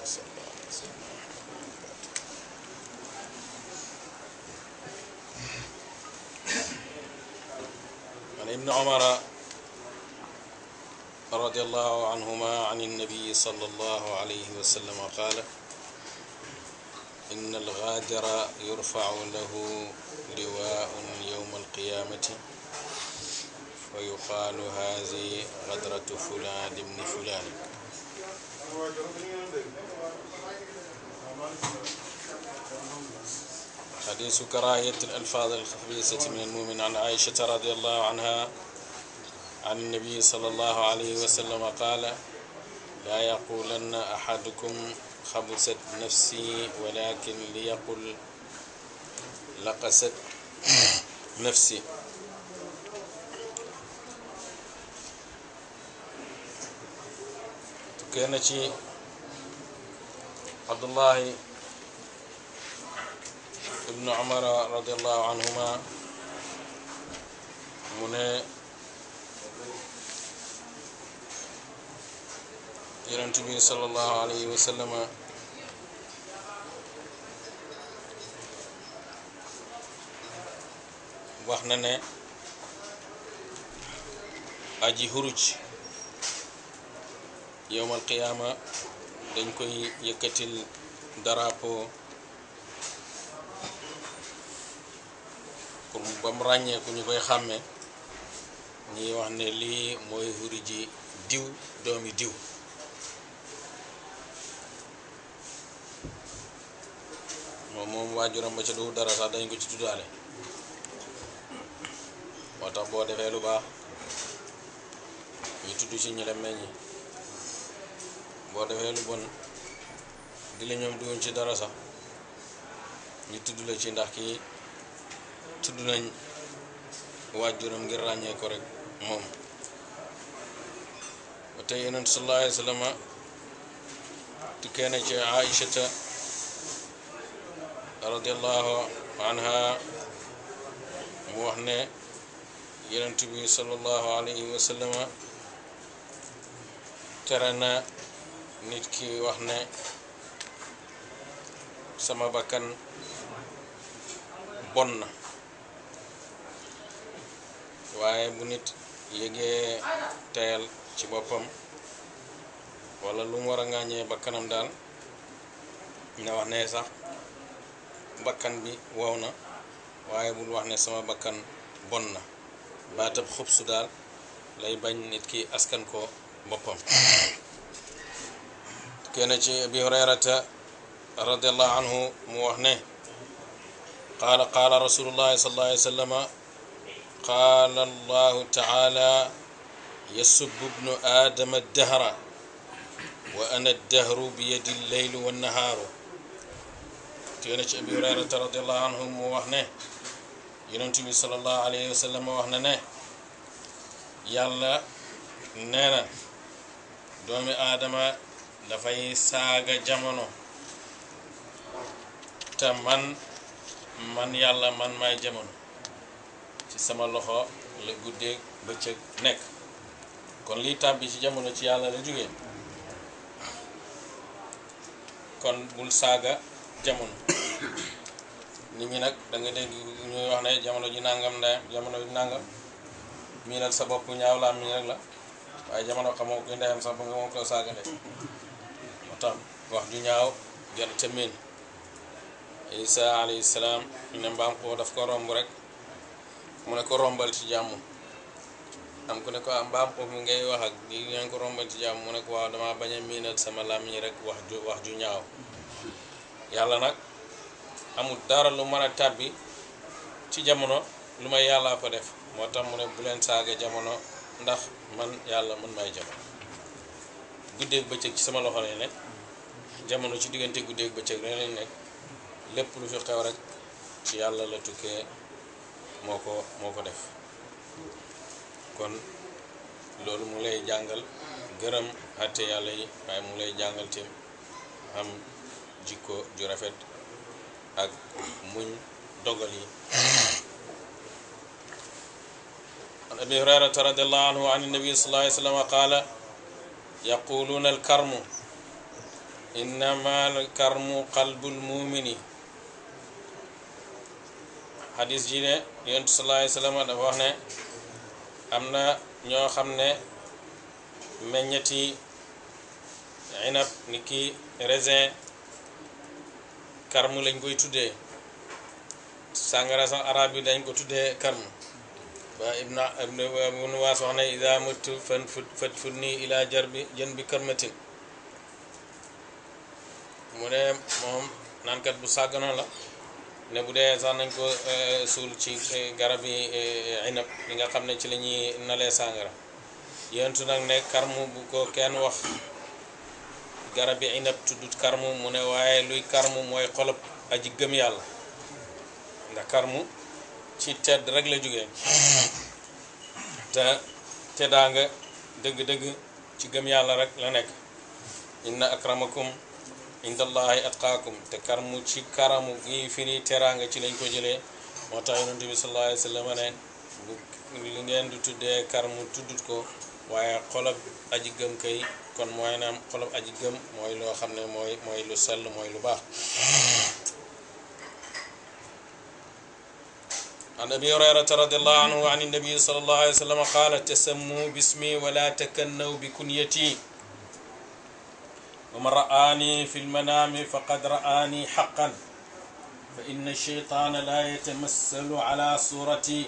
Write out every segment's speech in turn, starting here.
عن ابن عمر رضي الله عنهما عن النبي صلى الله عليه وسلم قال إن الغادر يرفع له لواء يوم القيامة ويقال هذه غدرة فلان ابن فلان حديث كراهية الألفاظ الخبيثة من المؤمن عن عائشة رضي الله عنها عن النبي صلى الله عليه وسلم قال لا يقولن أحدكم خبست نفسي ولكن ليقل لقست نفسي كانت عبد الله ابن عمر رضي الله عنهما من يرنتبي صلى الله عليه وسلم واخنا اجي هروج يوم القيامه dañ koy yëkkatil drapeau pour ba mu ràññee ku ñu koy xàmmee ñuy wax ne lii mooy huri ji diw doomi diw moom moom waajuram ba ca du dara sax dañ ko ci tuddaale moo tax boo defee lu baax ñu tudd ci ñu la meññi boo defee lu bon di la ñoom duwuñ ci dara sax ñu tudd la ci ndax ki tudd nañ waajuram ngir ràññee ko rek moom ba tey yonent sallallahu alayhi wa na ci aïchata radiallahu anha mu wax ne yonent bi sallallahu alayhi wa tere na nit ki wax ne sama bakkan bon na waaye bu nit yëgee teyal ci boppam walla lu mu war a ŋàññee bakkanam daal na wax ne sax bakkan bi wow na waaye bul wax ne sama bakkan bon na baatab xub su daal lay bañ nit ki askan ko boppam كنجي أبي هريرة رضي الله عنه موهنه قال قال رسول الله صلى الله عليه وسلم قال الله تعالى يسب ابن آدم الدهر وأنا الدهر بيد الليل والنهار كانت أبي هريرة رضي الله عنه موهنه ينتمي صلى الله عليه وسلم موهنه يلا نانا دومي آدم fay saga jamono ta man man yalla man may jamono ci sama loxo la guddeeg bëccëg nek kon li tabbi ci jamono ci yalla la kon bul saga jamono ni ngi nak da nga deg ñu wax ne jamono ji nangam ndeyam jamono ji nangam nak sa bop ñaaw la mi nak la waaye jamono xamoo kuy ndeyam sa ba nga ko saga waxtaan wax ju ñaaw gën ca miin isa alayhi salaam ne mbaam ko daf ko romb rek mu ne ko rombal ci jàmm am ku ne ko ah, mbaam ko mi ngay wax ak di nga ko rombal ci jàmm mu ne ko waaw dama bañ a miinal sama làmmiñ rek wax ju wax ju ñaaw yàlla nag amul dara lu mën a tàbbi ci jamono lu may yàllaa ko def moo tax mu ne bu leen saaga jamono ndax man yàlla man may jamono guddeeg bëccëg ci sama loxo lay nekk jamono ci diggante guddeeg bëccëg rek lañ nekk lépp lu fi xew rek ci yàlla la tukkee moo ko moo ko def kon loolu mu lay jàngal gërëm àtte yàlla yi waaye mu lay jàngal tim am jikko ju rafet ak muñ dogal yi an abi hurayrata radiallahu anhu an annabi sallallahu alayhi wa sallam qaala yaquluuna alkarmu innama alkarmu qalbul mumini xadis ji ne yontu salaay salaam dafa wax ne am na ñoo xam ne meññeti inab ni ki raisin karmu lañ koy tuddee sàngara sax arab yi dañ ko tuddee karmu waa ibna ibnu waas wax ne ida muttu fan fut fat fut nii bi karmatin mu ne moom naankat bu sàgganoon la ne bu dee sax nañ ko euh, suul ci euh, garab yi euh, inab li nga xam ne ci la ñuy nalee sàngara yentu nag ne karmu bu ko kenn wax garab yi tudd tuddut karmu mu ne waaye luy karmu mooy xolob aji gëm yàlla ndax karmu ci tedd rek la jógee te teddaa dëgg-dëgg ci gëm yàlla rek la nekk inna akramakum inda allahi atqakum te karmu ci karamu gi firi teraanga ci lañ ko jëlee moo tax yonente bi sallallahu alayhi wa sallam ne li ngeen di tuddee karmu tuddut ko waaye xolob aji gëm kay kon mooy naam xolob aji gëm mooy loo xam ne mooy mooy lu sell mooy lu baax عن ابي هريره رضي الله عنه عن النبي صلى الله عليه وسلم قال تسموا باسمي ولا تكنوا بكنيتي ومن رآني في المنام فقد رآني حقا فإن الشيطان لا يتمثل على صورتي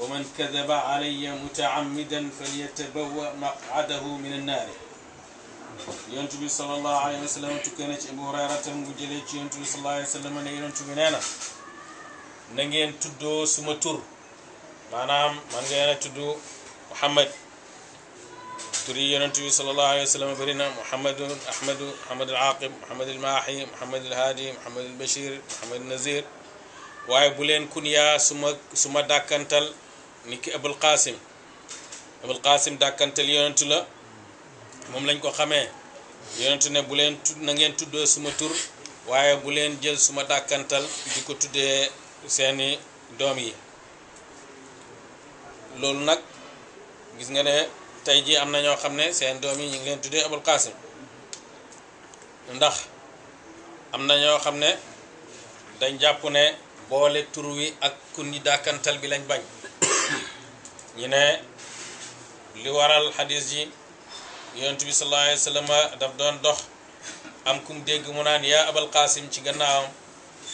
ومن كذب علي متعمدا فليتبوأ مقعده من النار ينتبه صلى الله عليه وسلم تكنت أبو هريرة مجلج ينتبه صلى الله عليه وسلم أن ينتبه نانا نجين تدو سمتور معنام من تدو محمد tur yi yonent bi sallallahu alayhi wa sallam bëri na Muhammadu Ahmadu Muhammad al-Aaqib Muhammad al-Maahi Muhammad al-Haadi Muhammad waaye bu leen kunyaa suma ma su ni ki Abul Qaasim Abul Qaasim dàkkantal la moom lañ ko xamee yonentu ne bu leen tudd na ngeen tuddoo suma tur waaye bu leen jël suma dàkkantal di ko tuddee seeni doom yi loolu nag gis nga ne tey jii am na ñoo xam ne seen doom yi ñu ngi leen tuddee abul qaasim ndax am na ñoo xam ne dañ jàpp ne boole tur wi ak kunni dàkkantal bi lañ bañ ñu ne li waral xadis ji yonent bi sallallahu daf doon dox am kum dégg mu naan yaa abal qaasim ci gannaawam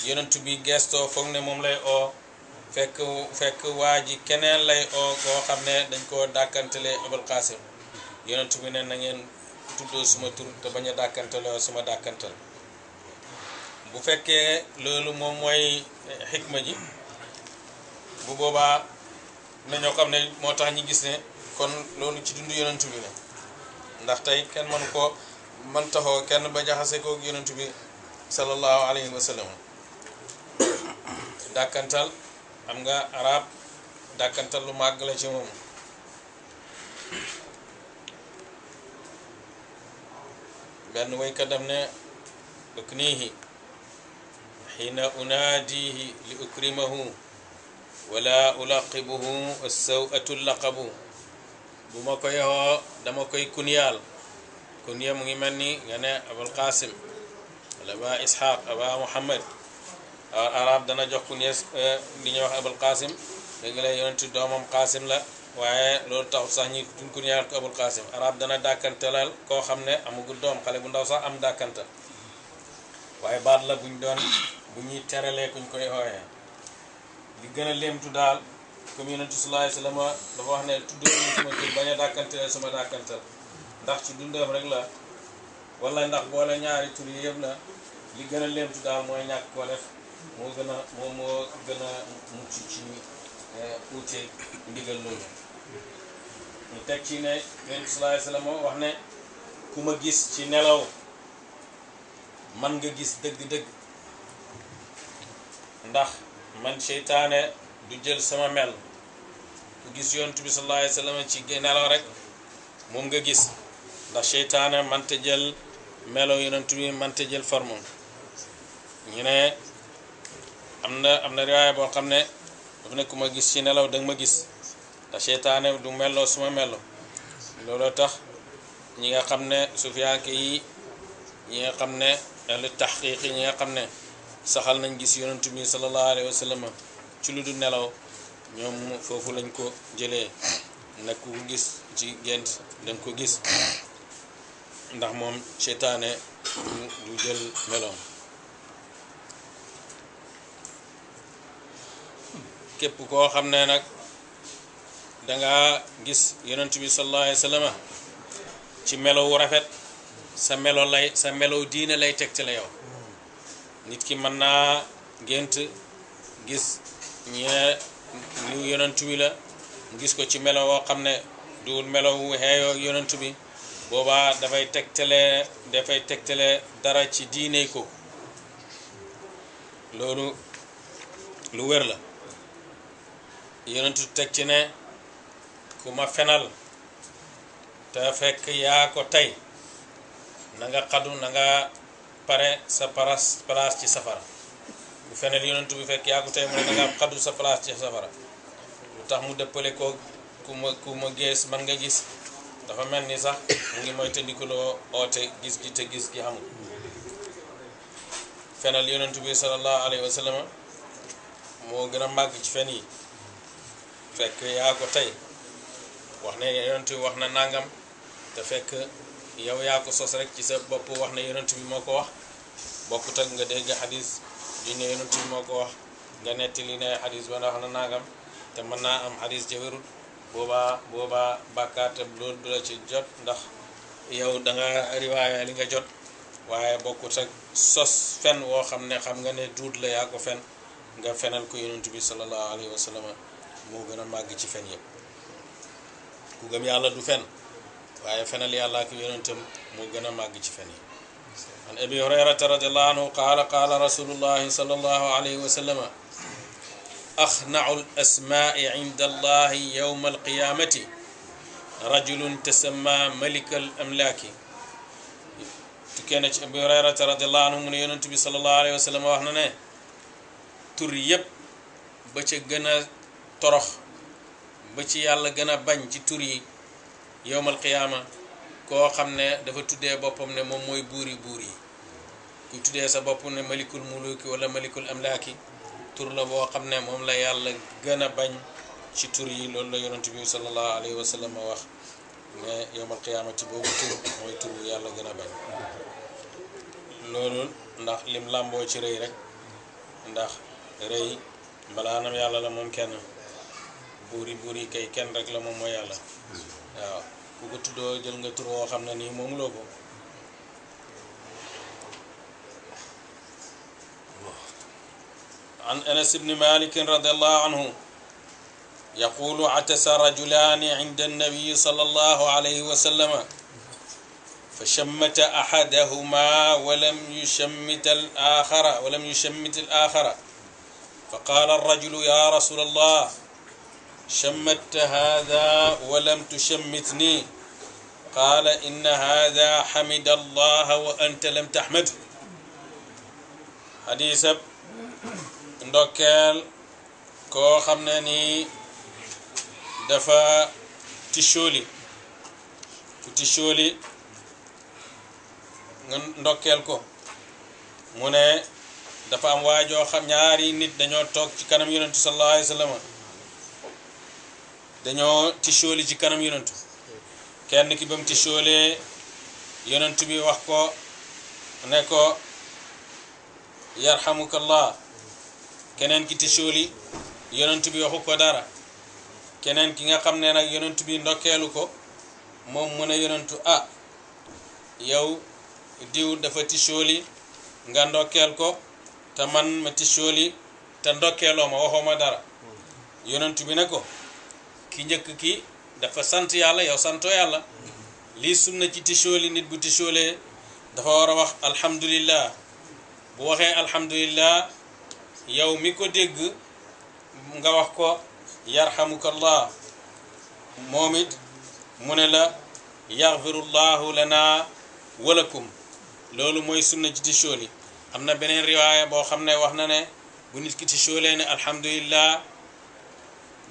yonentu bi gestoo foog ne moom lay oo fekk fekk waa ji keneen lay oo koo xam ne dañ koo dàkkantale abul qasim yonent bi ne na ngeen tuddoo suma tur te bañ a dàkkantaloo suma dàkkantal bu fekkee loolu moom mooy xikma ji bu boobaa na ñoo xam ne moo tax ñi gis ne kon loolu ci dund yonent bi ne ndax tey kenn man ko man taxoo kenn ba jaxase koog yonent bi sallallahu alayhi wa sallam dàkkantal xam nga arab dàkkantal lu màgg la ci moom benn waykat daf ne uknihi hina unadihi li ukrimahu wala ulaqibuhu assawatu laqabu bu ma ko yowoo dama koy kunyaal kunya ngi mel nga ne abul qasim wala ba ishaq aba muhammad arab dana jox ku eh, li ñuy wax abul qasim dégg la yonent doomam qasim la waaye loolu taxul sax ñi duñ ko ñaar ko abul qasim arab dana dàkkantalal koo xam ne amagul doom xale bu ndaw sax am dàkkantal waaye baat la buñ doon bu ñuy teralee kuñ koy ooyee li gën a léemtu daal comme yonent sallallahu alayhi wasallam dafa wax ne tudd suma tur bañ a dàkkantalee suma dàkkantal ndax ci dundam rek la wala ndax boole ñaari tur yi yëpp la li gën a léemtu daal moo gën a moo moo gën a mucc ci eh, uute ndigal loolu ñu teg ci ne yonent bi sallallahu alayhi wasallam wax ne ku ma gis ci nelaw man nga gis dëgg-dëgg ndax man seytaane du jël sama mel ku gis yonent bi sallallahu alayhi wasallam ci nelaw rek moom nga gis ndax seytaane manta jël melo yonent bi manta jël formam ñu am na am na riwaaya boo xam ne dafa ne ku ma gis ci nelaw da ma gis te seytaane du melloo suma mello looloo tax ñi nga xam ne sufiyaanke yi ñi nga xam ne ahlu taxqiq yi ñi nga xam ne saxal nañ gis yonentu bi sallallahu alayhi wa sallam ci lu du nelaw ñoom foofu lañ ko jëlee nag ku gis ci gént dañ ko gis ndax moom seytaane du jël meloom képp koo xam ne nag danga gis yonent bi sallallahu alayhi wa sallam ci melowu rafet sa melo lay sa melow diine lay tegtale yow nit ki mën naa gént gis ñe ñu yonent la gis ko ci melo woo xam ne duul melowu xeeyoo yonent bi boobaa dafay tegtale dafay tegtale dara ci diine ko loolu lu wér la yonentu teg ci ne ku ma fenal te fekk yaa ko tey na nga xadu na nga pare sa paras place ci safara bu fenel yonentu bi fekk yaa ko tey mu ne na nga xadu sa place ci safara lu tax mu dëppale ko ku ma ku ma gees man nga gis dafa mel ni sax mu ngi mooy tëndikuloo oote gis gi te gis gi xamul fenal yonentu bi sallallahu alayhi wa moo gën a màgg ci fen yi fekk yaa ko tey wax ne yonent bi wax na nangam te fekk yow yaa ko sos rek ci sa bopp wax ne yonent bi moo ko wax bokkut ak nga dégg xadis ju ne yonent bi moo ko wax nga nettali ne xadis ba wax na nangam te mën naa am xadis ja wérul boobaa boobaa bàkkaar te loolu du la ci jot ndax yow danga nga li nga jot waaye bokkut ak sos fen woo xam ne xam nga ne duut la yaa ko fen nga fenal ko yonent bi sallallahu alayhi wa sallam moo gën a màgg ci fen yëpp ku gëm yàlla du fen waaye fenal yàlla ak yonentam moo gën a màgg ci fen yi an abi hurayrata radiallahu anhu qaala qaala rasulullahi sallallahu alayhi wa sallama axnacu alasmaai inda allahi yowma alqiyaamati rajulun tasamma malika al amlaaki tukkee na ci abi hurayrata radiallahu anhu mu ne yonent bi sallallahu alayhi wa sallama wax na ne tur yëpp ba ca gën a torox ba ci yàlla gën a bañ ci tur yi yowmal qiyaama koo xam ne dafa tuddee boppam ne moom mooy buuri buur yi ku tuddee sa bopp ne malikul muluki wala malikul amlaaki tur la boo xam ne moom la yàlla gën a bañ ci tur yi loolu la yonent bi sallallahu alayhi wa sallam wax ne yowmal qiyaamati boobu tur mooy tur bu yàlla gën a bañ loolu ndax lim làmboo ci rëy rek ndax rëy mbalaanam yàlla la moom kenn buuri buuri kay kenn rek la moom mooy yàlla waaw ku ko tuddoo jël nga tur woo xam ne nii moomuloo ko عن أنس بن مالك رضي الله عنه يقول عتس رجلان عند النبي صلى الله عليه وسلم فشمت أحدهما ولم يشمت الآخر ولم يشمت الآخر فقال الرجل يا رسول الله شمت هذا ولم تشمتني قال إن هذا حمد الله وأنت لم تحمد حديث ndokkeel koo xam ne nii dafa tisóoli ku tisóoli nga ndokkeel ko mu ne dafa am waajoo xam ñaari nit dañoo toog ci kanam yonentu sallallahu alayhi wa sallam dañoo tisóoli ci kanam yonentu kenn ki ba mu tisóolee yonentu bi wax ko ne ko yarhamukallah keneen ki tisóoli yonentu bi waxu ko dara keneen ki nga xam ne nag yonentu bi ndokkeelu ko moom mu ne yonentu ah yow diw dafa tisóoli nga ndokkeel ko te man ma tisóoli te ndokkeeloo ma waxoo ma dara yonentu bi ne ko ki njëkk ki dafa sant yàlla yow santoo yàlla lii na ci tishooli nit bu tishoolee dafa war a wax alhamdulillah bu waxee alhamdulillah yow mi ko dégg nga wax ko yarhamukallah moom it mu ne la yaxfirullahu lana walakum loolu mooy sunna ci tishooli am na beneen riwaaya boo xam ne wax na ne bu nit ki tishoolee ne alhamdulillah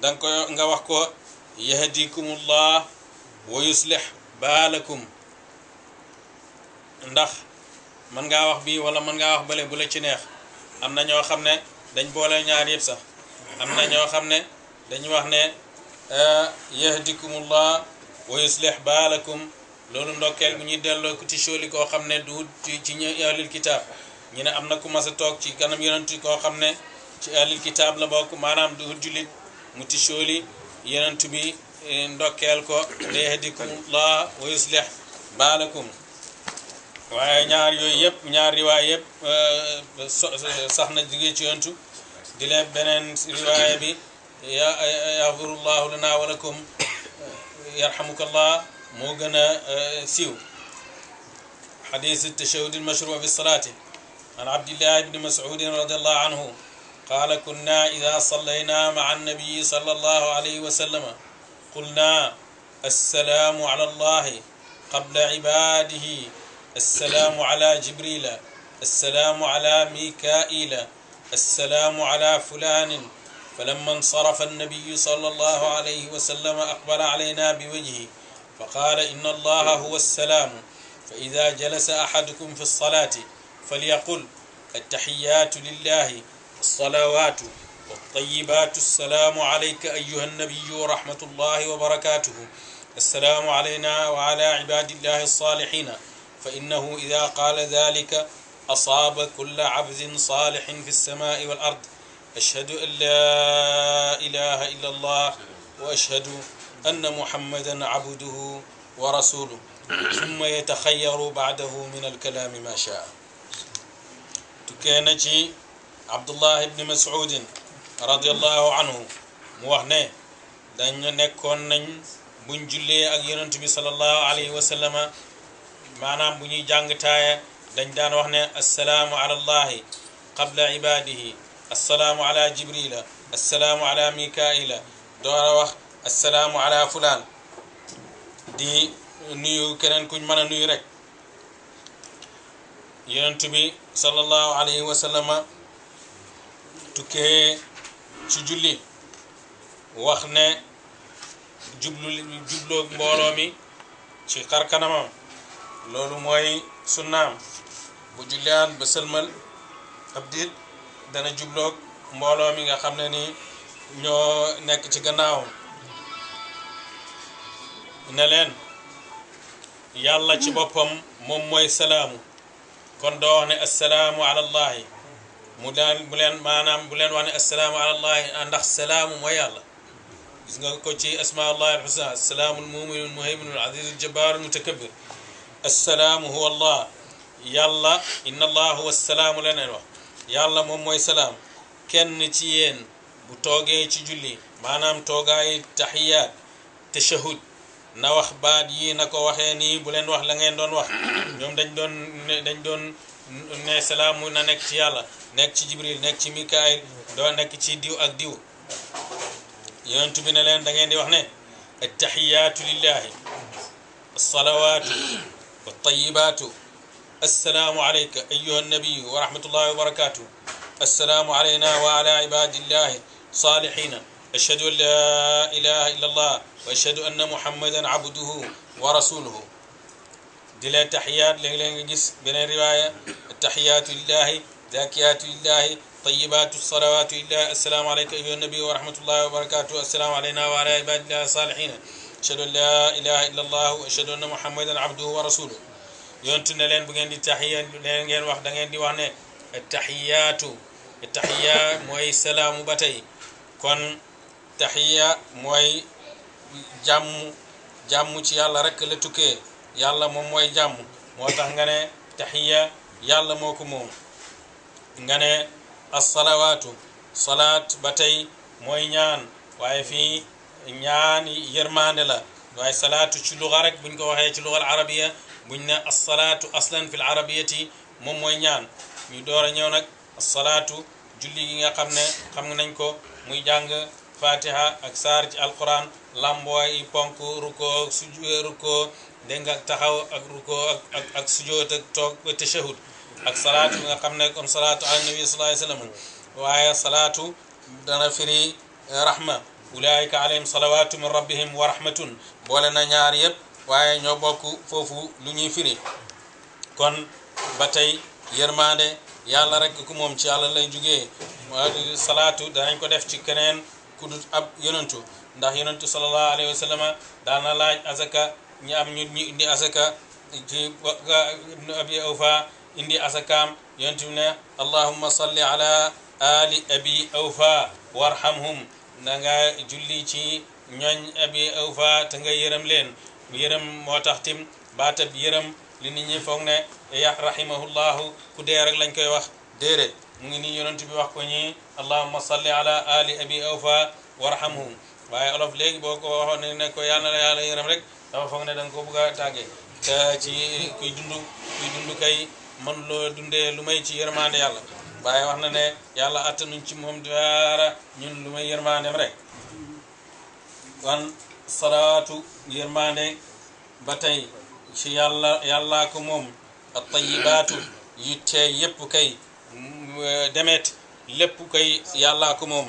دانكو نغا واخكو يهديكم الله ويصلح بالكم نداخ من نغا واخ بي ولا من نغا واخ بلي بولا سي نيه امنا ньо خامني دنج بولا ñaar ييب صاح امنا ньо خامني دنج واخ نه آه، يهديكم الله ويصلح بالكم لولو ندوكل مي ديلو كو تي شولي كو خامني دو تي ني اهل الكتاب ني امنا كو ماسا توك تي كانام يونتي كو خامني تي اهل الكتاب لا بوك مانام دو جوليت muti cooli yenantu bi en dokkeel ko la yahdikumullah wa yuslih baalakum waaye ñaar yooyu yëpp ñaar riwaay yëpp sax na jóge ci yontu di leen beneen riwaaya bi yaxfirullahu lana wa lakum yarhamukallah moo gën a siiw xadis tashahud almashru fi salaati an abdillah ibni masudin radi allahu anhu قال كنا إذا صلينا مع النبي صلى الله عليه وسلم قلنا السلام على الله قبل عباده السلام على جبريل السلام على ميكائيل السلام على فلان فلما انصرف النبي صلى الله عليه وسلم أقبل علينا بوجهه فقال إن الله هو السلام فإذا جلس أحدكم في الصلاة فليقل التحيات لله الصلوات والطيبات السلام عليك أيها النبي ورحمة الله وبركاته السلام علينا وعلى عباد الله الصالحين فإنه إذا قال ذلك أصاب كل عبد صالح في السماء والأرض أشهد أن لا إله إلا الله وأشهد أن محمدا عبده ورسوله ثم يتخير بعده من الكلام ما شاء تكينجي عبد الله ibn mas'ud radiyallahu anhu mu wax ne dañ nekkoon nañ buñ jullee ak yonent bi sallallahu alayhi wa sallama maanaam bu ñuy jàng taaya dañ daan wax ne assalaamu ala allahi qabla ibadihi assalaamu ala jibrila assalaamu ala mikaila door a wax assalaamu ala fulaan di nuyu keneen kuñ mën a nuyu rek yonent bi sallallahu alayhi wa sallama tukkee ci julli wax ne jublu jubloo mbooloo mi ci xarkanamam loolu mooy sunnaam bu julliaan ba sëlmal ab diit dana jublook mbooloo mi nga xam ne ni ñoo nekk ci gannaawam ne leen yàlla ci boppam moom mooy salaamu kon doo ne assalaamu ala مولان مولان مانام بولن واني السلام على الله اندخ سلام مو يالا غيس نغا كو تي اسماء الله الحسنى السلام المؤمن المهيمن العزيز الجبار المتكبر السلام هو الله يالا ان الله هو السلام لنا يالا مو موي سلام كين تي ين بو توغي تي جولي مانام توغاي تحيات تشهد نا واخ باد يي نكو واخيني بولن واخ لا نين واخ نيوم دنج دون دنج دون ne salaamu na nekk ci yàlla nekk ci jibril nekk ci mikaayil doo nekk ci diw ak diw yonent bi ne leen da ngeen di wax ne attaxiyaatu lillahi alsalawaatu waltayibaatu assalaamu alayka ayuha annabiyu wa rahmatullahi wa barakatuh assalaamu alayna wa ala ibadillahi صالحين أشهد أن لا إله إلا الله وأشهد أن محمدا عبده ورسوله دي لا تحيات لين لين جس بين الرواية التحيات لله ذاكيات لله طيبات الصلوات لله السلام عليك أيها النبي ورحمة الله وبركاته السلام علينا وعلى عباد الله الصالحين أشهد أن لا إله إلا الله وأشهد أن محمدا عبده ورسوله يونتنا لين بغين دي تحية لين غير واخ دغين دي واخ التحيات التحية موي سلام باتي كون تحية موي جام جام تي yalla رك la tuké yalla mom moy jam motax nga ne yàlla moo ko moom nga ne assalawaatu salaat ba tey mooy ñaan waaye fii ñaan yërmande la waaye salaatu ci luga rek buñ ko waxee ci lugal arabiya buñ ne assalaatu aslan fil l arabiyati moom mooy ñaan ñu door a ñëw nag assalaatu julli gi nga xam ne nañ ko muy jàng fatiha ak saar ci alquran lambooy i ponk ruko su ruko dégg nga taxaw ak ruko ak ak ak ak toog tashahud ak salatu nga xamne kon salatu salaatu ala nabi sallallahu alayhi wa sallam salatu dana firi rahma ulaayika alayhim salawatu min rabbihim wa rahmatun boole na ñaar yëpp waye ño bokku fofu lu ñuy firi kon batay yermane yàlla rek ku mom ci yàlla lay jugee salatu danañ ko def ci keneen ku dut ab yonentu ndax yonentu sallallahu alayhi wasallam sallam na laaj azaka ñi am ñu ñi indi asaka ci abi awfa indi asakaam yonent bi ne allahumma salli ala ali abi awfa warhamhum da nga julli ci ñooñ abi awfa te nga yërëm leen yërëm moo tax tim baatab yërëm li nit ñi foog ne ya rahimahullahu ku dee rek lañ koy wax déere mu ngi nii yonent wax ko ñi allahumma salli ala ali abi awfa warhamhum waaye olof léegi boo ko waxoon ne ne ko yàlla la yàlla rek dafa foog ne da ko bëgg a tàggee te ci man loo dunde lu may ci yërmaande yàlla waaye wax na ne yàlla attanuñ ci moom dara ñun lu may yërmaandem rek wan salaatu yërmaande ba tey ci yàlla yàlla ko moom ak tayibaatu yi tee yépp kay demet lépp kay yàlla ko moom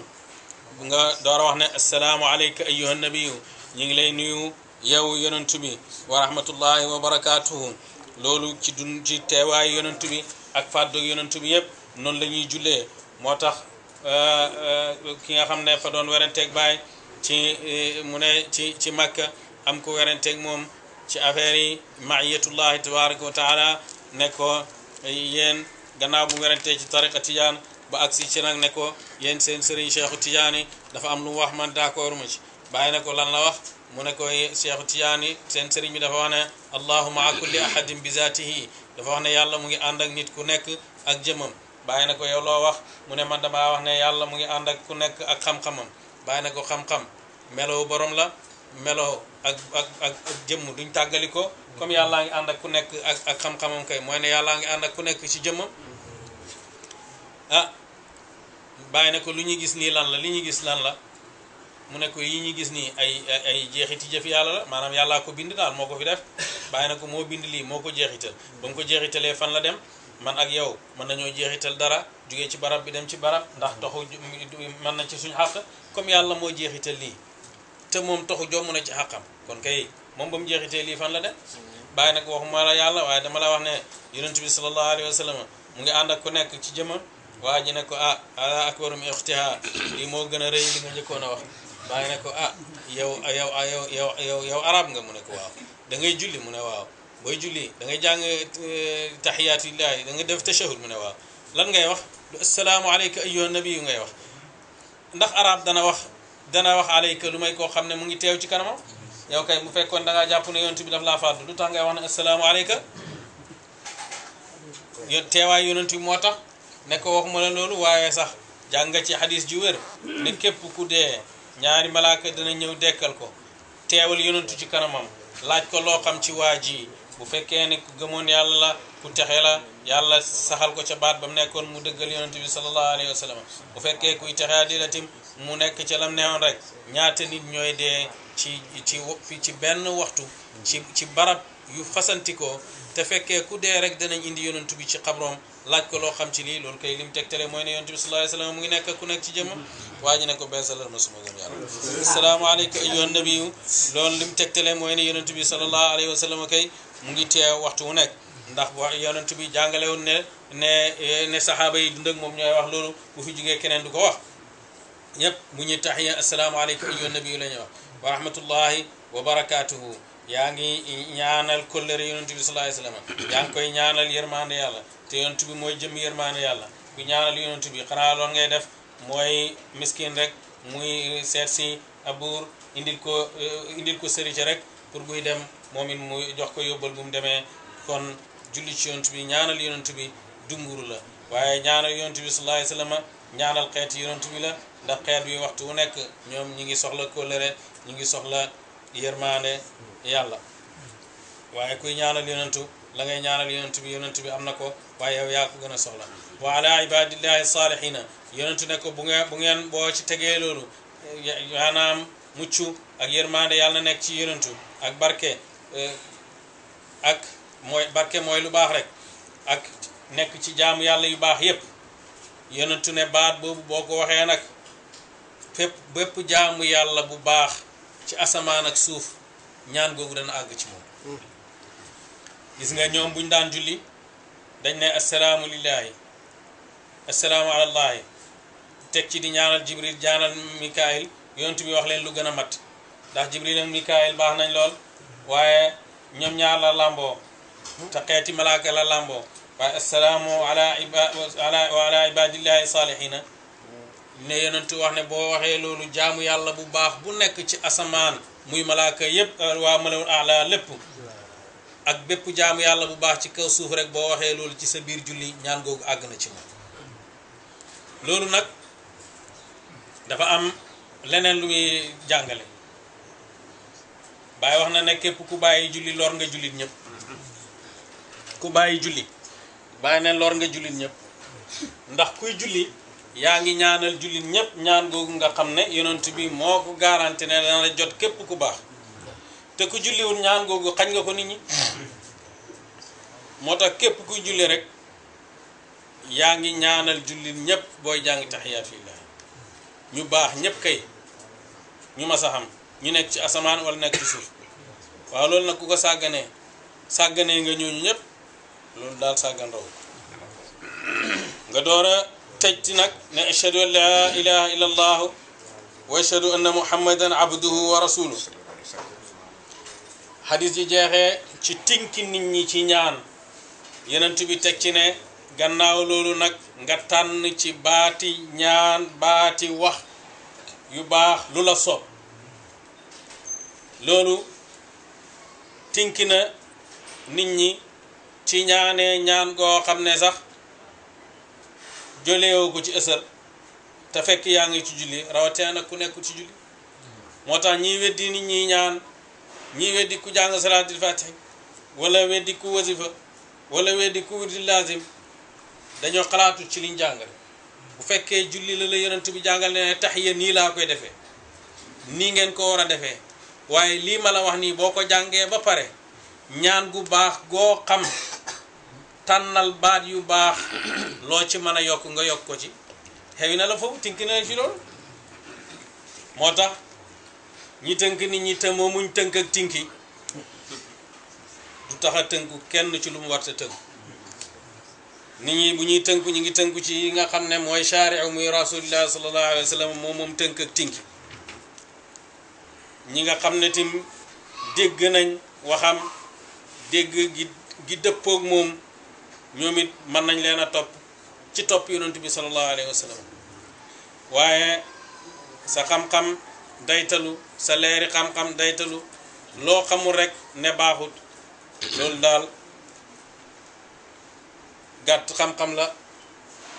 nga door a wax ne assalaamu aleyka ayyuhan nabiyu ñu ngi lay nuyu yow yonentu bi wa rahmatullahi wa loolu ci dun ci teewaay yonentu bi ak fàddoog yonentu bi yëpp noonu la ñuy jullee moo tax euh, euh, ki nga xam ne fa doon werenteeg baay ci euh, mu ne ci ci makka am ko werenteeg moom ci affaire yi maiyatullahi tabaraka wa taala ne ko yéen gannaaw bu werentee ci tariqa tijaan ba agsi ci nag ne ko yéen seen sëriñ cheikhu tijaani dafa am lu wax man d'accord ma ci bàyyi ne ko lan la wax mu ne koy eh, Cheikh Tiyaani seen sëriñ bi dafa wax ne allahu maa kulli ahadin bi yi dafa wax ne yàlla mu ngi ànd ak nit ku nekk ak jëmam bàyyi na loo wax mu ne man damaa wax ne yàlla mu ngi ànd ak ku nekk ak xam-xamam ko xam-xam melow borom la melow ak ak ak jëmm duñ tàggali ko comme yàllaa ngi ànd ak ku nekk ak ak xam-xamam kay mooy ne yàllaa ngi ànd ak ku nekk ci jëmmam ah, bàyyi na ko lu ñuy gis nii lan la li ñuy gis lan la mu ne ko yi ñu gis nii ay ay jeexiti jëf yàlla la maanaam yàllaa ko bind daal moo ko fi def bàyyi na ko moo bind lii moo ko jeexital ba mu ko jeexitalee fan la dem man ak yow mën nañoo jeexital dara jugee ci barab bi dem ci barab ndax toxu mën na ci suñu xàq comme yàlla moo jeexital lii te moom toxu jomm na ci xàqam kon kay moom ba jeexitee lii fan la dem bàyyi na ko waxuma la yàlla waaye dama la wax ne yonent bi sallallahu alayhi wa sallam mu ngi ànd ak ku nekk ci jëma waa ji ne ko ah ala akbarum ixtiha moo gën a rëy li njëkkoon a wax bàyyi ne ko ah yow yow yow yow yow yow arab nga mu ne ko waaw da ngay julli mu ne waaw booy julli da ngay jàng eh, taxiyaatu lillahi da nga def tashahud mu ne waaw lan ngay wax du assalaamu aleyka ayyuha nabiyu ngay wax ndax arab dana wax dana wax aleyka lu may koo xam ne mu ngi teew ci kanamam yow kay bu fekkoon da jàpp ne yonent bi daf laa faatu lu tax ngay assalaamu aleyka yon teewaay yonent moo tax ne ko waxuma la loolu waaye sax jàng ci xadis ji wér ne képp ku dee ñaari malaaka dana ñëw dekkal ko teewal yonentu ci kanamam laaj ko loo xam ci waa ji bu fekkee ne ku gëmoon yàlla la ku texe la yàlla saxal ko ca baat ba mu nekkoon mu dëggal yonent bi sallallahu alayhi wa bu fekkee kuy texea di la tim mu nekk ca lam neewoon rek ñaata nit ñooy dee ci ci ci benn waxtu ci ci barab yu fasantikoo te fekkee ku dee rek danañ indi yonent bi ci xabrom laaj ko loo xam ci lii loolu kay lim tegtale mooy ne yonent bi sallallahu alayhi wa sallam mu ngi nekk ku nekk ci jëmmam waa ji ne ko beesalal ma suma gëm yàlla asalaamaaleykum ayyuhan nabiyyu loolu lim tegtale mooy ne yonent bi sallallahu alayhi wa sallam kay mu ngi teew waxtu wu nekk ndax wax yonent bi jàngale woon ne ne ne saxaaba yi dund ak moom ñooy wax loolu bu fi jugee keneen du ko wax ñëpp mu ñuy taxiya asalaamaaleykum ayyuhan nabiyyu la ñuy wax wa rahmatullahi wa barakatuhu yaa ngi ñaanal kóllëre yonent bi sallallahu alayhi wasallam yaa ngi koy ñaanal yërmaande yàlla te yonent bi mooy jëm yërmaande yàlla ku ñaanal yonent bi xanaa loolu ngay def mooy miskin rek muy seet si abuur indil ko euh, indil ko sërice rek pour buy dem moom it mu jox ko yóbbal bu mu demee kon julli ci yonent bi ñaanal yonent bi dunguru la waaye ñaanal yonent bi sallallahu alayhi wasallam ñaanal xeet yonent bi la ndax xeet bi waxtu wu nekk ñoom ñi ngi soxla kóllëre ñi ngi soxla yërmaande yàlla waaye kuy ñaanal yonentu la ngay ñaanal yonent bi yonent bi am na ko waaye yow yaa ko gën a soxla wa ala ibadillahi salihina yonentu ne ko bu ngeen bu ngeen boo ci tegee loolu maanaam mucc ak yërmaande yàlla nekk ci yonentu ak barke eh, ak mooy barke mooy lu baax rek ak nekk ci jaamu yàlla yu baax yépp yonentu ne baat boobu boo ko nag fépp bépp jaamu yàlla bu baax ci asamaan ak suuf ñaan googu dana àgg ci moom mm. gis nga ñoom buñ daan julli dañ ne assalaamu lillaahi assalaamu alallaahi teg ci di ñaanal jibril ñaanal mikaayil yonent bi wax leen lu gën a mat ndax jibril ak baax nañ lool waaye ñoom ñaar la làmboo te xeeti malaaka la làmboo waaye assalaamu ala iba saalihiina ne yonentu wax ne boo waxee loolu jaamu yàlla bu baax bu nekk ci asamaan muy malaaka yépp euh, waa malawul ala lépp ak bépp jaamu yàlla bu baax ci kaw suuf rek boo waxee loolu ci sa biir julli ñaan googu àgg na ci moom loolu nag dafa am leneen luy jàngale Baay wax na ne képp ku bàyyi julli loor nga jullit ñëpp bàyyi julli bàyyi nga jullit ñëpp ndax kuy julli yaa ngi ñaanal jullit ñépp ñaan googu nga xam ne yonent bi moo ku garanti ne dana jot képp ku baax te ku julliwul ñaan googu xañ nga ko nit ñi moo tax képp ku julli rek yaa ngi ñaanal jullit ñépp booy jàng taxiyaat la ñu baax ñépp kay ñu mas a xam ñu nekk ci asamaan wala nekk ci suuf waaw loolu nag ku ko sàgganee sàgganee nga ñooñu ñépp loolu daal sàggandaw nga doora tëj ci nag ne ashhadu an yi jeexee ci tinki nit ñi ci ñaan yenent bi teg ci ne gannaaw loolu nag nga tànn ci baati ñaan baati wax yu baax lu la soob loolu tinki na nit ñi ci ñaan ñaan goo xam ne sax jolewoo ko ci ësër te fekk yaa ngi ci julli rawatina nag ku nekk ci julli moo tax ñii weddi nit ñi ñaan ñii weddi ku jàng salaatul fatih wala weddi ku wasifa wala weddi ku wirdi lazim dañoo xalaatu ci liñ jàngal bu fekkee julli la la yonent bi jàngal ne ne taxiya nii laa koy defee nii ngeen ko war a defee waaye lii ma la wax nii boo ko jàngee ba pare ñaan gu baax goo xam tànnal baat yu baax loo ci mën a yokk nga yokk ko ci xewi na la foofu tënk na la ci moo tax ñi tënk nit ñi te muñ tënk ak tinki du tax tënku kenn ci lu mu war a tënku nit ñi bu ñuy tënku ñu ngi tënku ci yi nga xam ne mooy shaariu muy rasulillah sallallahu alayhi wa moom moom tënk ak tinki ñi nga xam ne tim dégg nañ waxam dégg gi gi moom ñoom it mën nañ leen a topp ci topp yonent bi sallallahu alayhi wa waaye sa xam-xam daytalu sa leeri xam-xam daytalu loo xamul rekk ne baaxut loolu daal gàtt xam-xam la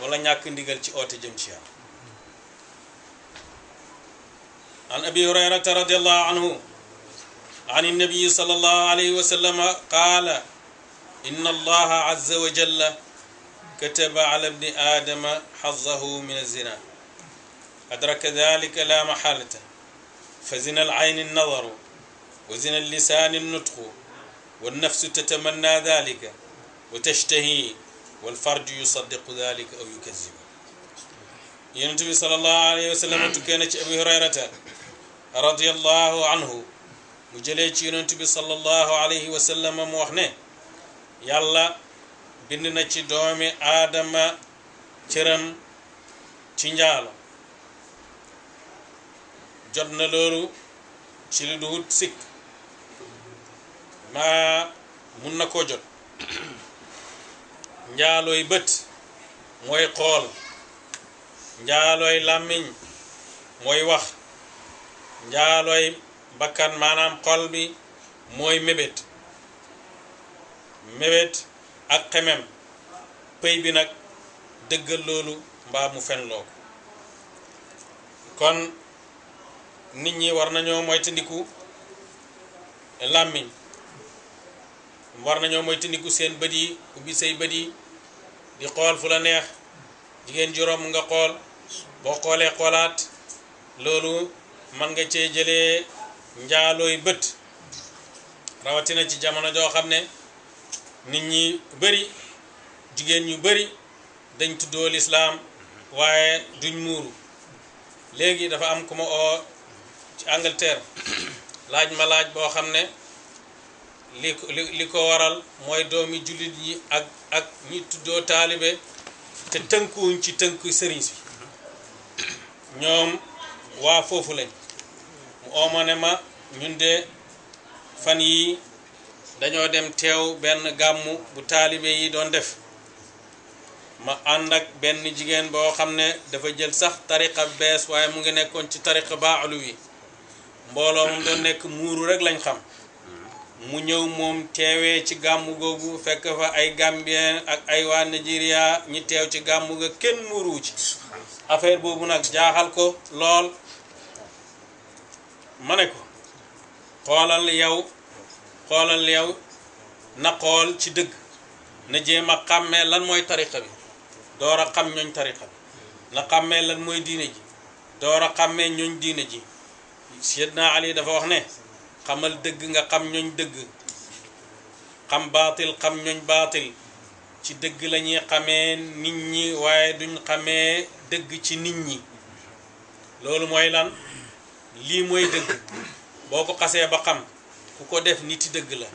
wala ñàkk ndigal ci oote jëm ci yàlla an abi hurayrata radiallahu anhu an innabii sallallahu alayhi qaala إن الله عز وجل كتب على ابن آدم حظه من الزنا أدرك ذلك لا محالة فزنا العين النظر وزنا اللسان النطق والنفس تتمنى ذلك وتشتهي والفرج يصدق ذلك أو يكذب ينتبه صلى الله عليه وسلم نعم. تكنت أبي هريرة رضي الله عنه مجلج ينتبه صلى الله عليه وسلم موحنه yalla bindina ci doomi adama ciram ci njaalo jot na loolu ci lu wut sikk maa mun na koo jot njaaloy bët mooy xool njaaloy làmmiñ mooy wax njaaloy bakkan maanaam xol bi mooy mébét mébét ak xemem pay bi nag dëggal loolu mbaa mu fen loo kon nit ñi war nañoo moytandiku làmmiñ war nañoo moytandiku seen bët yi ubbi say bët yi di xool fu la neex jigéen juróom nga xool boo xoolee xoolaat loolu mag nga cee jëlee njaalooy bët rawatina ci jamono joo xam ne nit ñi bëri jigéen ñu bëri dañ tuddoo lislaam waaye duñ muuru léegi dafa am ku ma oo ci angleterre laaj ma laaj boo xam ne li li ko waral mooy doomi jullit ñi ak ak ñi tuddoo taalibe te tënkuwuñ ci tënk sëriñs bi ñoom waa foofu lañ mu oo ma ne ma ñun de fan yii dañoo dem teew benn gàmmu bu taalibe yi doon def ma ànd ak benn jigéen boo xam ne dafa jël sax tariqa bees waaye mu ngi nekkoon ci tariqa baalu yi mbooloo moom doon nekk muuru rekk lañ xam mu ñëw moom teewee ci gàmmu googu fekk fa ay gambien ak ay waa Nigeria ñi teew ci gàmmu ga kenn muuruwu ci affaire boobu nag jaaxal ko lool ma ne ko xoolal yow xoolal yow na xool ci dëgg na jéem a xàmmee lan mooy tariqa bi door a xam ñooñ tariqa bi na xàmmee lan mooy diine ji door a xàmmee ñooñ diine ji Seydina Ali dafa wax ne xamal dëgg nga xam ñooñ dëgg xam baatil xam ñooñ baatil ci dëgg lañuy ñuy xamee nit ñi waaye duñ xamee dëgg ci nit ñi loolu mooy lan lii mooy dëgg boo ko xasee ba xam ku ko def niti dëgg la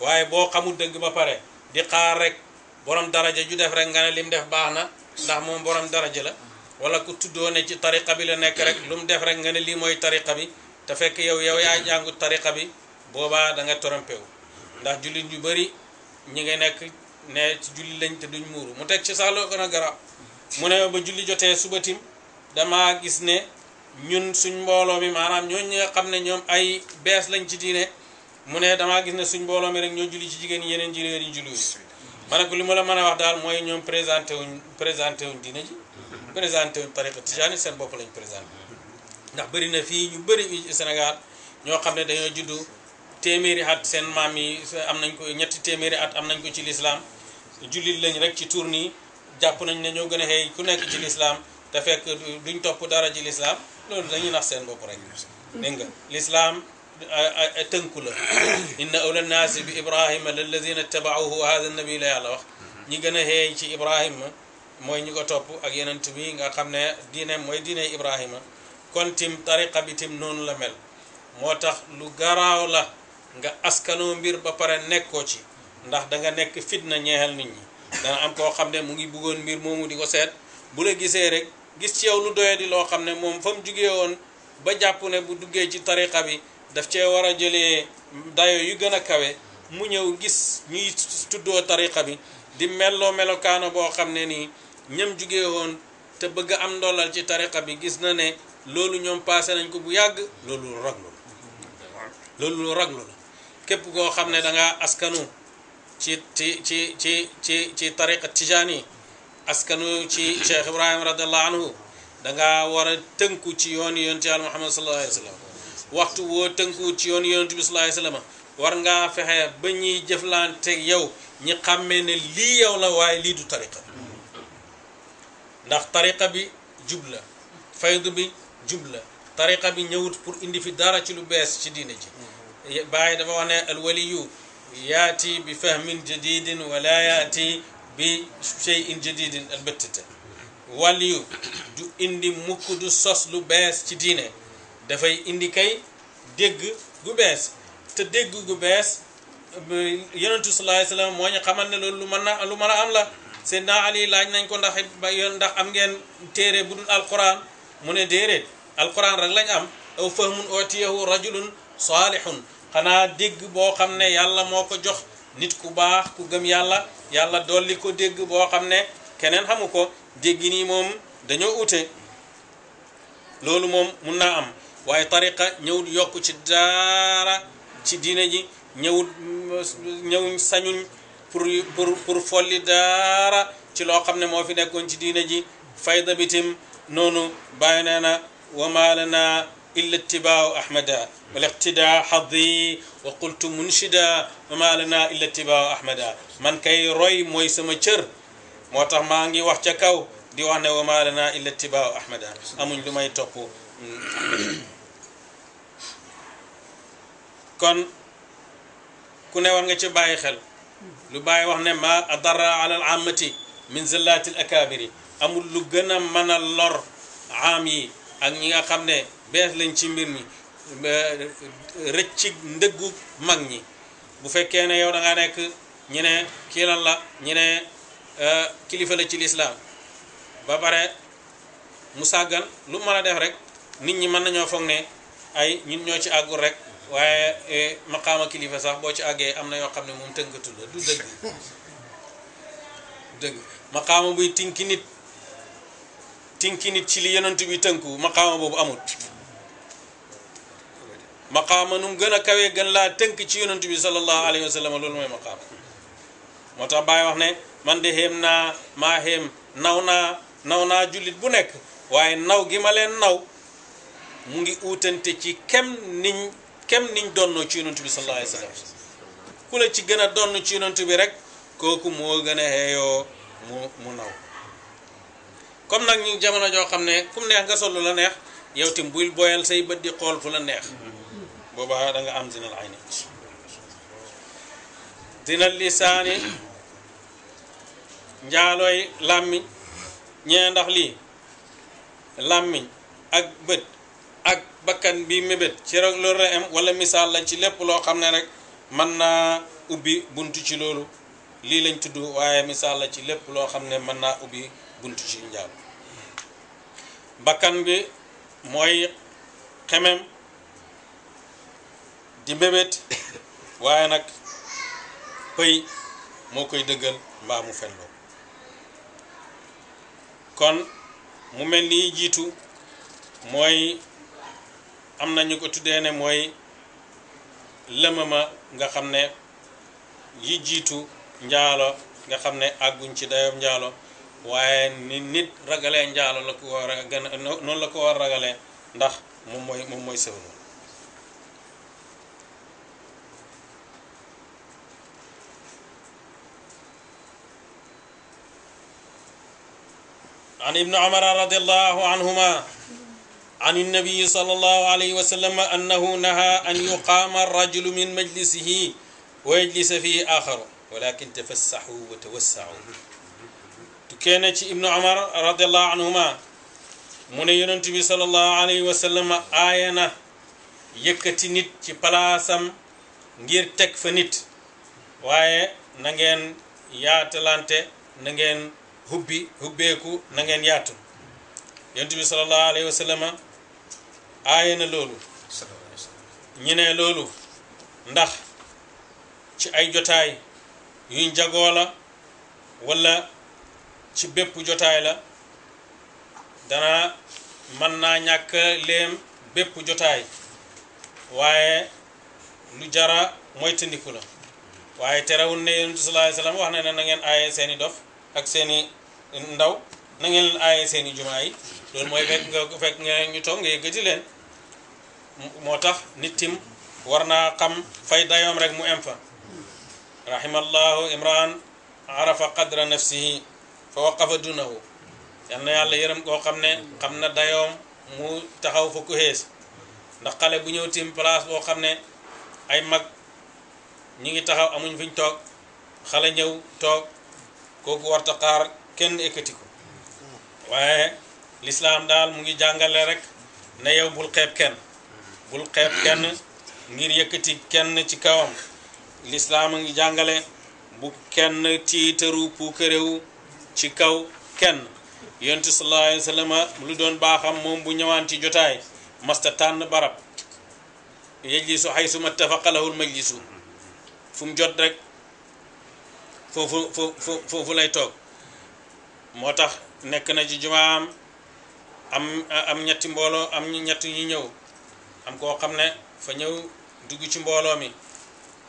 waaye boo xamul dëgg ba pare di xaar rek borom daraja ju def rek nga ne lim def baax na ndax moom borom daraja la wala ku tuddoo ne ci tariqa bi la nekk rek lu def rek nga ne lii mooy tariqa bi te fekk yow yow yaa jàngu tariqa bi boobaa da nga trompé wu ndax jullit ñu bëri ñi nga nekk ne ci julli lañ te duñ muuru mu teg ci saaloo loo gën a garaaw mu ne ba julli jotee suba tim dama gis ne ñun suñ mbooloo mi maanaam ñooñu nga xam ne ay bees lañ ci diine mu ne damaa gis ne suñ mbooloo mi rek ñoo julli ci jigéen yeneen jigéen ñi julliwul ma ne ko li ma la mën a wax daal mooy ñoom présenté wuñ présenté wuñ diina ji présenté wuñ tariqa tijaani seen bopp lañ présenté ndax bëri na fii ñu bëri fii Sénégal ñoo xam ne dañoo juddu téeméeri at seen maam yi am nañ ko ñetti téeméeri at am nañ ko ci lislaam jullit lañ rek ci tour nii jàpp nañ ne ñoo gën a xëy ku nekk ci lislaam te fekk duñ topp dara ji lislaam loolu dañuy nax seen bopp rek dégg nga tënku la inna awla naasi bi ibrahima la tabauhu wa hada nabi la yàlla wax mhm. ñi gën a xeey ci ibrahima mooy ñi ko topp ak yenent bi nga xam ne diine mooy diine ibrahima kon tim tariqa bi tim noonu la mel moo tax lu garaaw la nga askanoo mbir ba pare nekkoo ci ndax danga nekk fitna ñeexal nit ñi dana am koo xam ne mu ngi buggoon mbir moomu di ko seet bu la gisee rek gis ci yow lu doye di loo xam ne moom fa mu jugee woon ba jàpp ne bu duggee daf cee war a jëlee dayo yu gën a kawe mu ñëw gis ñuy tuddoo tariqa bi di melloo melokaano boo xam ne nii ñam jóge woon te bëgg am ndollal ci tariqa bi gis na ne loolu ñoom paase nañ ko bu yàgg loolu raglu la loolu raglu la képp koo xam ne danga askanu ci ci ci ci ci ci tariqa tijaani askanu ci Cheikh Ibrahima radiallahu anhu danga war a tënku ci yoon yonte yàlla Muhammad sallallahu alayhi waxtu wo tanku ci yoon yonentu bi sallallahu alayhi wasallam war nga fexe ba ñi jëflanté yow ñi xamé ne li yow la way li du tariqa ndax tariqa bi jubla faydu bi jubla tariqa bi ñëwut pour indi fi dara ci lu bees ci diine ci baye dafa wone al waliyu yati bi fahmin jadid wa la yati bi shay'in jadid al albattata waliyu du indi mukk du sos lu bees ci diine dafay indi kay dégg gu bees te dégg gu bees yonentu sallallahu alayhi moo ñu xamal ne lu mën na lu mën a am la Seydina Ali laaj nañ ko ndax yoon ndax am ngeen téere bu dul alquran mu ne déeréet alxuraan rek lañ am aw fahmun utiyahu rajulun salihun xanaa dégg boo xam ne yàlla moo ko jox nit ku baax ku gëm yàlla yàlla dolli ko dégg boo xam ne keneen xamu ko dégg nii moom dañoo ute loolu moom mun naa am waye tariqa ñëwul yok ci dara ci diine ji ñëwul ñëwuñ sañuñ pour pour pour folli dara ci lo xamne mo fi nekkon ci diine ji fayda bitim nonu noonu bàyyi nee na wa maa lanaa إلا اتباع أحمد والاقتداء حظي وقلت منشدا وما لنا إلا اتباع أحمد من كي روي موي سما تشر موتاخ ماغي واخ تا كاو دي واخ illa لنا ahmada amuñ lumay امون Mm-hmm. kon ku ne war nga ci bàyyi xel lu bàyyi wax ne ma adara ala al amati min akabiri amul lu gën a mën a lor am yi ak ñi nga xam ne bees lañ ci mbir mi eh, rëcc ndëggu mag ñi bu fekkee ne yow da nekk ñu ne kii la ñu ne eh, kilifa la ci lislaam ba pare mu sàggan lu mën a def rek nit ñi mën nañoo foog ne ay ñun ñoo ci àggul rek waaye e, maqaama kilifa sax boo ci àggee am na yoo xam ne moom tënkatu la du dëgg dëgg buy tinki nit tinki nit ci li yonent bi tënku maqaama boobu amut maqaama nu mu gën a kawee gën laa tënk ci yonent bi sallallahu alayhi wa loolu mooy maqaama moo tax Baay wax ne man de xéem naa maa xéem naw naa naw naa jullit bu nekk waaye naw gi ma leen naw mu ngi uutante ci kem niñ kem niñ donnoo ci yonantu bi sallallahu ku la ci gën a donn ci yonantu bi rek kooku moo gën a xeeyoo mu mu naw comme nag ñu jamono joo xam ne kum neex nga sol la neex yow tim bul boyal say bët di xool fu la neex boobaa danga am zinal ayni zinal lisaani njaalooy làmmiñ ñee ndax lii làmmiñ ak bët ak bakkan bi mébét ci rek loolu la em wala misaal la ci lépp loo xam ne rek mën naa ubbi bunt ci loolu lii lañ tudd waaye misaal la ci lépp loo xam ne mën naa ubbi bunt ci njaal bakkan bi mooy xemem di mbébét waaye nag pëy moo koy dëggal mbaa mu fenloo kon mu mel nii jiitu mooy am na ñu ko tuddee ne mooy lëmama nga xam ne yi jiitu njaalo nga xam ne àgguñ ci dayoom njaalo waaye ni nit ragalee njaalo la ko war a gën noonu la ko war a ragalee ndax moom mooy moom mooy sëwlu عن ابن عمر رضي الله عنهما عن النبي صلى الله عليه وسلم أنه نهى أن يقام الرجل من مجلسه ويجلس فيه آخر ولكن تفسحوا وتوسعوا تكينت ابن عمر رضي الله عنهما من ينتبه صلى الله عليه وسلم آينا يكتي نت ci palaasam ngir teg fa nit waaye na ngeen yaatalante na ngeen hubbi hubbeeku na ngeen yaatu yontu bi sallallahu alayhi wa sallama aaye na loolu ñu ne loolu ndax ci ay jotaay yuñ jagoo la walla ci bépp jotaay la dana mën naa ñàkk leen bépp jotaay waaye lu jara moytandiku la waaye terewul ne yonent bi sallallahu alayhi wasallam wax na ne na ngeen aaye seeni dof ak seeni ndaw na ngeen leen aaye seeni jumaa yi loolu mooy fekk nga fekk nga ñu toog nga yëkkati leen moo tax nit tim war naa xam fay dayoom rek mu em fa rahimallahu imran arafa qadra nafsihi fa waqafa dunahu yal na yàlla yërëm koo xam ne xam na dayoom mu taxaw fa ku ndax xale bu ñëw tim place boo xam ne ay mag ñi ngi taxaw amuñ fuñ toog xale ñëw toog kooku warta xaar kenn ekkati ko waaye lislaam daal mu ngi jàngale rek ne yow bul xeeb kenn bul xeeb kenn ngir yëkkati kenn ci kawam lislaam a ngi jàngale bu kenn tiitaru puukarewu ci kaw kenn yonent sallallahu alayhi lu doon baaxam moom bu ñëwaan ci jotaay masta tànn barab yajlisu haysu mattafaqa lahul majlisu fu mu jot rek foofu foofu lay toog moo tax nekk na ci jumaam am am ñetti mbooloo am ñett ñu ñëw am koo xam ne fa ñëw dugg ci mbooloo mi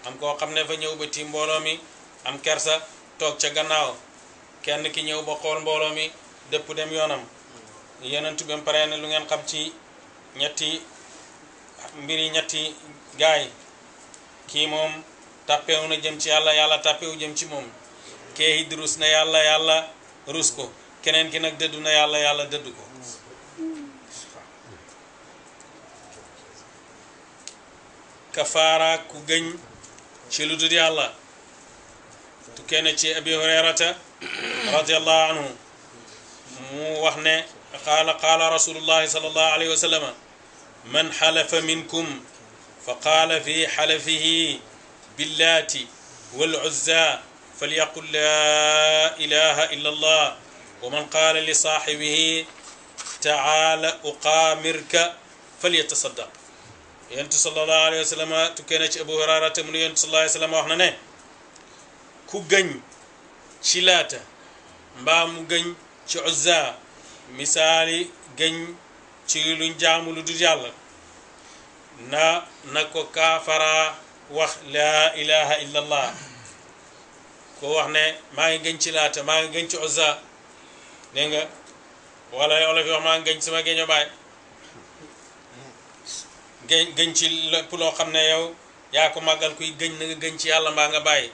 am koo xam ne fa ñëw ba tiim mbooloo mi am kersa toog ca gannaaw kenn ki ñëw ba xool mbooloo mi dëpp dem yoonam yeneen tubam pare ne lu ngeen xam ci ñetti mbiri ñetti gaay kii moom tàppewu na jëm ci yàlla yàlla tàppewu jëm ci moom kee hidrus na yàlla yàlla rus ko keneen ki nag dëddu na yàlla yàlla dëdd ko كفارة كوغن شلود دي الله تكينا شي أبي هريرة رضي الله عنه مو وحنا قال قال رسول الله صلى الله عليه وسلم من حلف منكم فقال في حلفه باللات والعزى فليقل لا إله إلا الله ومن قال لصاحبه تعال أقامرك فليتصدق yonent sallallahu alayhi wa sallam tukkee na ci abu hurara te mu ne yonent sallallahu alayhi wa sallam wax na ne ku gëñ ci laata mbaa mu gëñ ci uzza misaali gëñ ci luñ jaamu lu dul yàlla na na ko kaafaraa wax laa ilaha illa allah ko wax ne maa ngi gëñ ci laata maa ngi gëñ ci uzza dégg nga wala yow la fi wax maa ngi gëñ sama géño baay gëñ gëñ ci loo xam ne yow yaa ko màggal kuy gëñ na nga gëñ ci yàlla mbaa nga bàyyi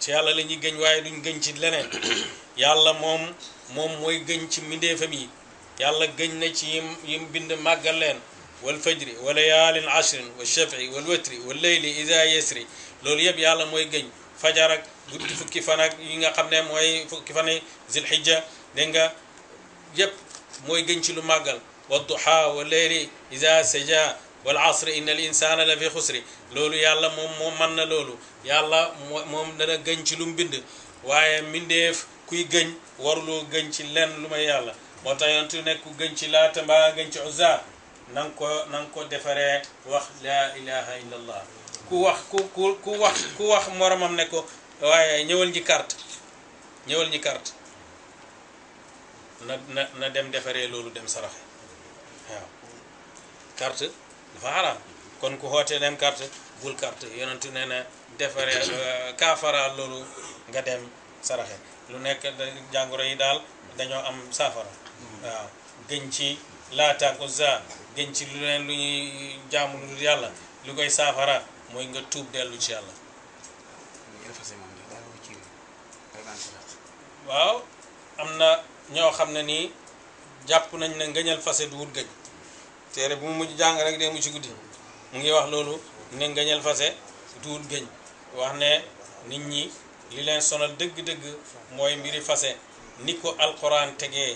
ci yàlla la ñuy gëñ waaye duñ gëñ ci leneen yàlla moom moom mooy gëñ ci mbindeefam yi yàlla gëñ na ci bind màggal leen wal fajri wa layaalin ashrin wa shaf'i wal watri wal layli ida yasri loolu yëpp yàlla mooy gëñ fajar ak fan yi nga xam ne mooy fukki fan yi zilhijja dégg nga yëpp mooy gëñ ci lu màggal wa والعصر إن الإنسان لفي خسر لولو يالا موم موم من لولو يالا موم دا غن سي لوم بيند واي مينديف كوي غن وارلو غن سي لين لوما يالا موتا يونت نيكو غن سي لات با غن سي عزا نانكو نانكو ديفاري واخ لا اله الا الله كو واخ كو كو واخ كو واخ مورامام نيكو واي نيول نجي كارت نيول نجي كارت na na dem defare lolou dem saraxé waaw carte dafa xaraam kon ku xootee dem carte bul carte yonentu nee na defaree euh, kaafara loolu nga dem saraxe lu nekk jàngoro yi daal dañoo am saafara waaw gën ci laata uzza gën ci lu leen lu ñuy jaamu lu dul yàlla lu koy saafara mooy nga tuub dellu ci yàlla waaw am na ñoo xam ne nii jàpp nañ ne ngëñal fase du wut gëñ téere bu mu mujj jàng rek dee mujj ci guddi mu ngi wax loolu ne ngañal fase duut gëñ wax ne nit ñi li leen sonal dëgg-dëgg mooy mbiri fase ni ko alquran tegee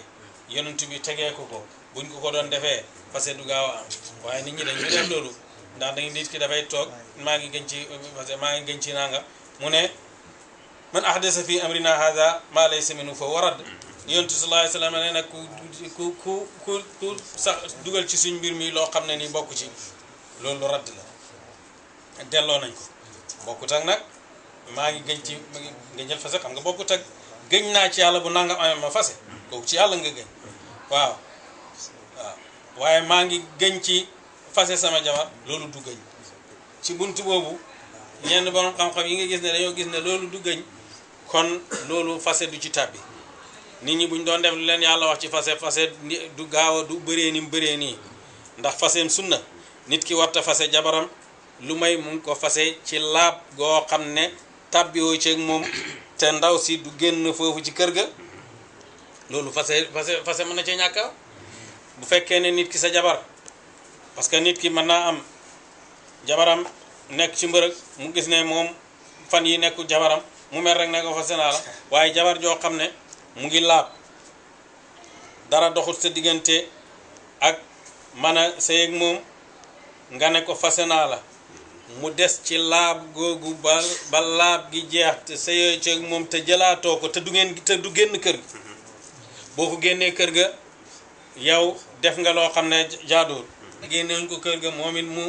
yonent bi tegee ko ko buñ ko ko doon defee fase du gaaw a am waaye nit ñi dañ ñu def loolu ndax dañ nit ki dafay toog maa ngi gën ci fase maa ngi gën ci nanga mu ne man ahdasa fi amrina hada ma laysa minhu fa warad yontu sallallahu alayhi wasallam ne nag ku ku ku ku sax dugal ci suñ mbir mi loo xam ne ni bokk ci loolu radd la delloo nañ ko bokkut ak nag maa ngi gëñ ci gëñal fase xam nga bokkut ak gëñ naa ci yàlla bu nangam amee ma fase kooku ci yàlla nga gëñ waaw waaw waaye maa ngi gëñ ci fase sama jabar loolu du gëñ ci bunt boobu ñenn borom xam-xam yi nga gis ne dañoo gis ne loolu du gëñ kon loolu fase du ci tàbbi nit ñi buñ doon dem lu leen yàlla wax ci fase fase du gaaw a du bëree ni mu bëree nii ndax faseem sunna nit ki warta fase jabaram lu may mu ngi ko fase ci laab goo xam ne tàbbiwoo ceeg moom te ndaw si du génn foofu ci kër ga loolu fase fase fase mën na cee ñàkka bu fekkee ne nit ki sa jabar parce que nit ki mën naa am jabaram nekk ci mbërëg mu gis ne moom fan yi nekku jabaram mu mer rek ne ko fase naa la waaye jabar joo xam ne mu ngi laab dara doxut sa diggante ak man a sëy ak moom nga ne ko fase naa la mu des ci laab googu ba ba laab gi jeex te sëyoo ci ak moom te jëlaatoo ko te du ngeen te du génn kër gi boo ko génnee kër ga yow def nga loo xam ne jaaduwul génnewuñ ko kër ga moom it mu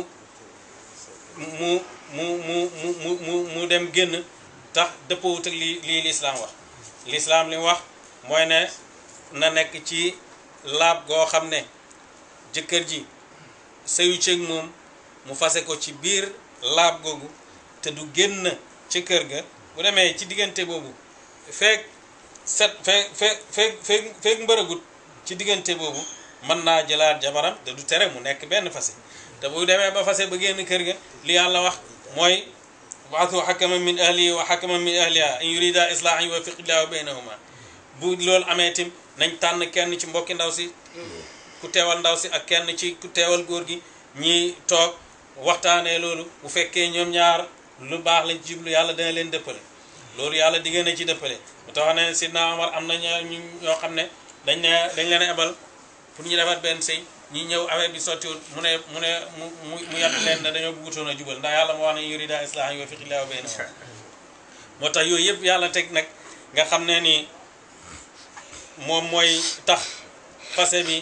mu mu mu mu mu mu dem génn tax dëppawut ak li lii lislaam wax lislaam li wax mooy ne na nekk ci laab goo xam ne jëkkër ji sëyu ceeg moom mu fase ko ci biir laab googu te du génn ci kër ga bu demee ci diggante boobu feek set feek feek feek feek feek mbëragut ci diggante boobu mën naa jëlaat jabaram te du tere mu nekk benn fase te bu demee ba fase ba génn kër ga li yàlla wax mooy baatu xakama min ahlihi wa xakama min ahliha in yurida islaahan yuwaffiq illaahu bu loolu amee tim nañ tànn kenn ci mbokki ndaw si ku teewal ndaw si ak kenn ci ku teewal góor gi ñi toog waxtaanee loolu bu fekkee ñoom ñaar lu baax lañ ci jublu yàlla dana leen dëppale loolu yàlla digée na ci dëppale bu ne Sidna Omar am na ñu ñoo xam ne dañ dañ leen ebal pour ñu defar benn sëy ñi ñëw affaire bi mu ne mu ne mu mu mu yàq a jubal ndax yàlla moo wax ne yurida islahan yoo fiqi moo tax yooyu yëpp yàlla teg nag nga xam ne nii moom mooy tax passé bi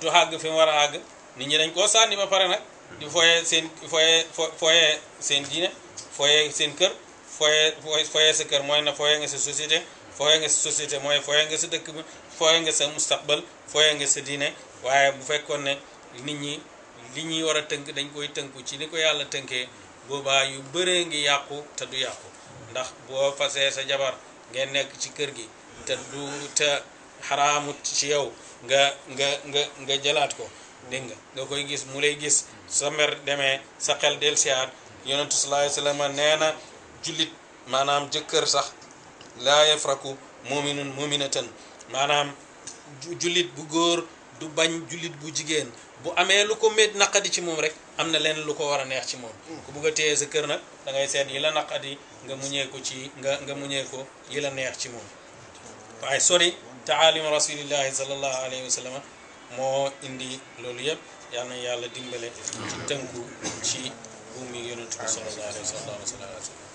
du àgg fi mu war a àgg nit ñi dañ koo sànni ba pare nag di foye seen foye foye seen diine foye seen kër foye foye sa kër mooy na foye nga sa société foye nga sa société mooy foye nga sa dëkk bi foye nga sa mustaqbal foye nga sa diine waaye bu fekkoon ne nit ñi li ñuy war a tënk dañ koy tënku ci ni ko yàlla tënkee boobaa yu bëree ngi yàqu te du yàqu ndax boo fasee sa jabar ngeen nekk ci kër gi te du te xaraamu ci yow nga nga nga nga jalaat ko dégg nga nga koy gis mu lay gis sa mer demee sa xel del siaat yonentu sallallahu alayhi wasallam nee na jullit maanaam jëkkër sax laa yafraku muminun muminatan maanaam jullit bu góor du bañ jullit bu jigéen bu amee lu ko mét naqadi ci moom rek am na leen lu ko war a neex ci moom ku bugg téye sa kër nag da ngay seet yi la naqadi nga muñee ko ci nga nga muñee ko yi la neex ci moom waaye sori taalima rasulillahi sallallahu alayhi wa sallam moo indi loolu yëpp yal na yàlla dimbale ci tënku ci buum yi yonent bi